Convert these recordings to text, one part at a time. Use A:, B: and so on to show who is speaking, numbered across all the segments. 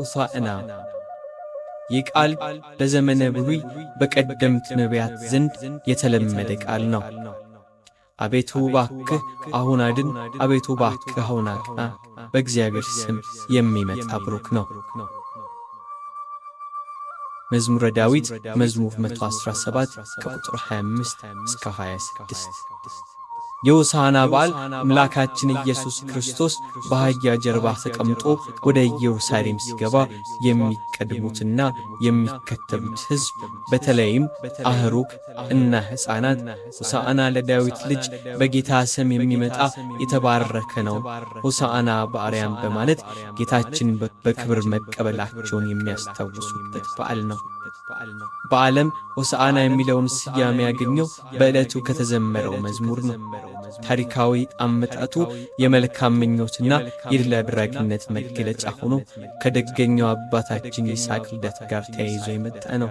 A: ሆሳዕና። ይህ ቃል በዘመነ ብሉይ በቀደምት ነቢያት ዘንድ የተለመደ ቃል ነው። አቤቱ ባክህ አሁን አድን፣ አቤቱ ባክህ አሁን አቅና በእግዚአብሔር ስም የሚመጣ ብሩክ ነው። መዝሙረ ዳዊት መዝሙር 117 ከቁጥር 25 እስከ 26 የሆሳዕና በዓል አምላካችን ኢየሱስ ክርስቶስ በአህያ ጀርባ ተቀምጦ ወደ ኢየሩሳሌም ሲገባ የሚቀድሙትና የሚከተሉት ሕዝብ በተለይም አህሩክ እና ሕፃናት ሆሳዕና ለዳዊት ልጅ በጌታ ስም የሚመጣ የተባረከ ነው፣ ሆሳዕና በአርያም በማለት ጌታችን በክብር መቀበላቸውን የሚያስታውሱበት በዓል ነው። በዓለም ሆሳዕና የሚለውን ስያሜ ያገኘው በዕለቱ ከተዘመረው መዝሙር ነው። ታሪካዊ አመጣጡ የመልካም ምኞትና የድል አድራጊነት መገለጫ ሆኖ ከደገኛው አባታችን ይስሐቅ ልደት ጋር ተያይዞ የመጣ ነው።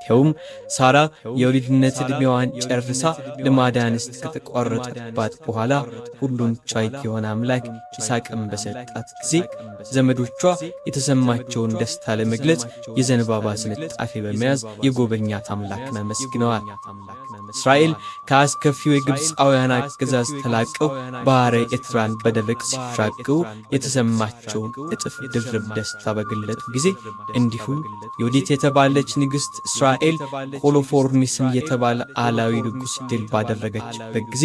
A: ይኸውም ሳራ የወሊድነት ዕድሜዋን ጨርሳ ልማደ አንስት ከተቋረጠባት በኋላ ሁሉን ቻይ የሆነ አምላክ ይስሐቅን በሰጣት ጊዜ ዘመዶቿ የተሰማቸውን ደስታ ለመግለጽ የዘንባባ ስነ ምንጣፌ በመያዝ የጎበኛት አምላክ መመስግነዋል። እስራኤል ከአስከፊው የግብፃውያን አገዛዝ ተላቀው ባሕረ ኤርትራን በደረቅ ሲሻገሩ የተሰማቸውን እጥፍ ድርብ ደስታ በገለጡ ጊዜ እንዲሁም ዮዲት የተባለች ንግሥት እስራኤል ኮሎፎርኒስም የተባለ አላዊ ንጉሥ ድል ባደረገችበት ጊዜ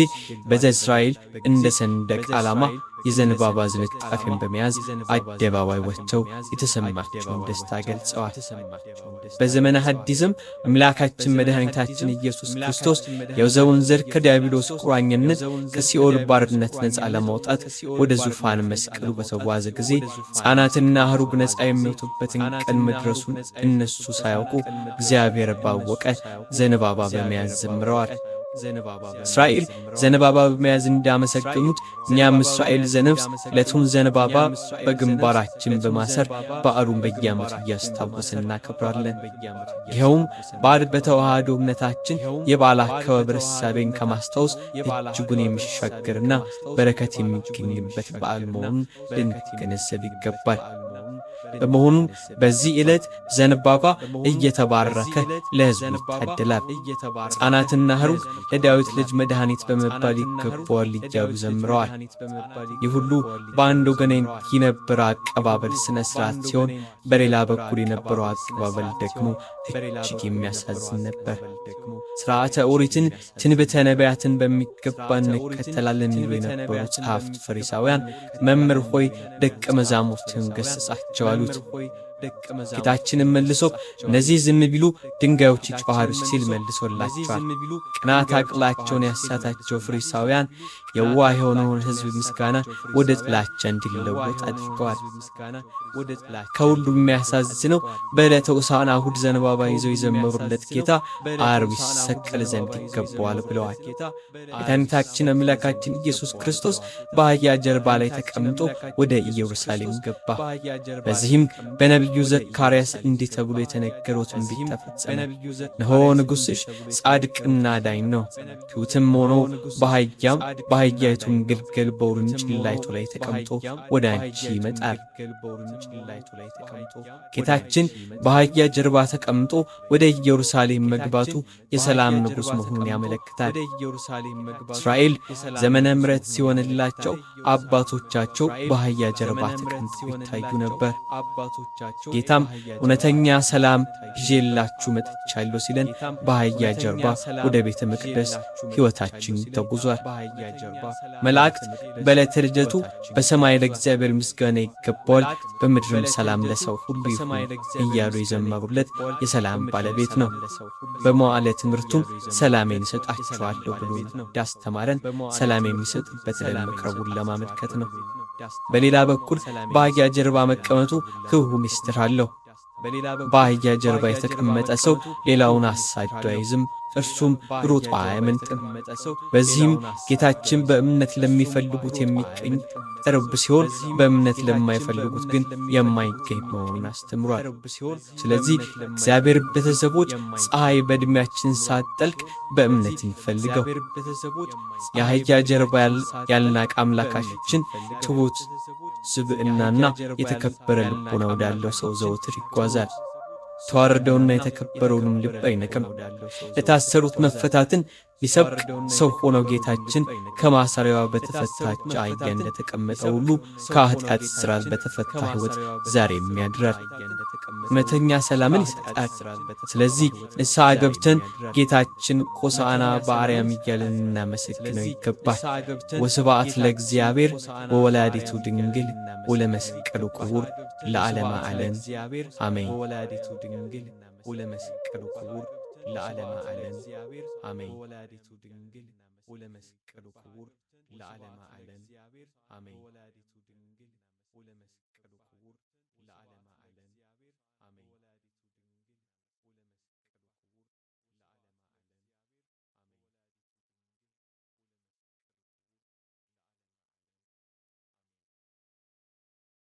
A: በዘ እስራኤል እንደ ሰንደቅ ዓላማ የዘንባባ ዝንጣፊን በመያዝ አደባባይ ወጥተው የተሰማቸውን ደስታ ገልጸዋል። በዘመነ ሐዲስም አምላካችን መድኃኒታችን ኢየሱስ ክርስቶስ የዘውን ዘር ከዲያብሎስ ቁራኝነት ከሲኦል ባርነት ነፃ ለማውጣት ወደ ዙፋን መስቀሉ በተጓዘ ጊዜ ሕፃናትና አህሩግ ነፃ የሚወጡበትን ቀን መድረሱን እነሱ ሳያውቁ እግዚአብሔር ባወቀ ዘንባባ በመያዝ ዘምረዋል። እስራኤል ዘነባባ በመያዝ እንዳመሰገኑት እኛም እስራኤል ዘነብስ ለቱን ዘነባባ በግንባራችን በማሰር በዓሉን በየዓመቱ እያስታወስን እናከብራለን። ይኸውም በዓል በተዋህዶ እምነታችን የበዓል አከባበር እሳቤን ከማስታወስ እጅጉን የሚሻገርና በረከት የሚገኝበት በዓል መሆኑን ልንገነዘብ ይገባል። በመሆኑ በዚህ ዕለት ዘንባባ እየተባረከ ለሕዝቡ ይታደላል። ሕፃናትና ሐሩግ ለዳዊት ልጅ መድኃኒት በመባል ይገባዋል እያሉ ዘምረዋል። ይህ ሁሉ በአንድ ወገን የነበረ አቀባበል ስነ ስርዓት ሲሆን፣ በሌላ በኩል የነበረው አቀባበል ደግሞ እጅግ የሚያሳዝን ነበር። ስርዓተ ኦሪትን፣ ትንቢተ ነቢያትን በሚገባ እንከተላለን ይሉ የነበሩ ጸሐፍት ፈሪሳውያን መምህር ሆይ ደቀ መዛሙርትን ገሥጻቸዋል Saludos. ጌታችንም መልሶ እነዚህ ዝም ቢሉ ድንጋዮች ይጮኻሉ ሲል መልሶላቸዋል። ቅናት አቅላቸውን ያሳታቸው ፍሪሳውያን የዋህ የሆነውን ሕዝብ ምስጋና ወደ ጥላቻ እንዲለወጥ አድርገዋል። ከሁሉም የሚያሳዝነው በዕለተ ሆሳዕና እሑድ ዘንባባ ይዘው የዘመሩለት ጌታ ዓርብ ይሰቀል ዘንድ ይገባዋል ብለዋል። መድኃኒታችን አምላካችን ኢየሱስ ክርስቶስ በአህያ ጀርባ ላይ ተቀምጦ ወደ ኢየሩሳሌም ገባ። በዚህም በነቢዩ በነቢዩ ዘካርያስ እንዲህ ተብሎ የተነገረው ትንቢት ተፈጸመ። እነሆ ንጉሥሽ ጻድቅና ዳኝ ነው፣ ትሑትም ሆኖ በአህያም በአህያይቱም ግልገል በውርንጭላይቱ ላይ ተቀምጦ ወደ አንቺ ይመጣል። ጌታችን በአህያ ጀርባ ተቀምጦ ወደ ኢየሩሳሌም መግባቱ የሰላም ንጉሥ መሆኑን ያመለክታል። እስራኤል ዘመነ ምረት ሲሆንላቸው አባቶቻቸው በአህያ ጀርባ ተቀምጠው ይታዩ ነበር። ጌታም እውነተኛ ሰላም ይዤላችሁ መጥቻለሁ ሲለን በአህያ ጀርባ ወደ ቤተ መቅደስ ሕይወታችን ተጉዟል። መላእክት በዕለተ ልደቱ በሰማይ ለእግዚአብሔር ምስጋና ይገባዋል፣ በምድርም ሰላም ለሰው ሁሉ ይሁን እያሉ የዘመሩለት የሰላም ባለቤት ነው። በመዋዕለ ትምህርቱም ሰላሜን እሰጣችኋለሁ ብሎ እንዳስተማረን ሰላም የሚሰጥበት ዕለት መቅረቡን ለማመልከት ነው። በሌላ በኩል በአህያ ጀርባ መቀመጡ ህሁ ምስጢር አለው። በአህያ ጀርባ የተቀመጠ ሰው ሌላውን አሳዶ አይዝም። እርሱም ሮጦ አያመልጥም። በዚህም ጌታችን በእምነት ለሚፈልጉት የሚገኝ ቅርብ ሲሆን በእምነት ለማይፈልጉት ግን የማይገኝ መሆኑን አስተምሯል። ስለዚህ እግዚአብሔር ቤተሰቦች ፀሐይ በዕድሜያችን ሳትጠልቅ በእምነት እንፈልገው። የአህያ ጀርባ ያልናቀ አምላካችን ትሑት ስብዕናና የተከበረ ልቦና ወዳለው ሰው ዘወትር ይጓዛል። ተዋርደውና የተከበረውንም ልብ አይነቅም። ለታሰሩት መፈታትን ሊሰብክ ሰው ሆነው ጌታችን ከማሰሪያዋ በተፈታች አይጋ እንደተቀመጠ ሁሉ ከኃጢአት ስራት በተፈታ ሕይወት ዛሬም ያድራል። መተኛ ሰላምን ይሰጣል። ስለዚህ ንስሐ ገብተን ጌታችን ቆሳና በአርያም እያልን እናመሰግነው ይገባል። ወስብሐት ለእግዚአብሔር ወወላዲቱ ድንግል ወለመስቀሉ ቁቡር ለዓለም ዓለም አሜን። ለዓለም ዓለም አሜን።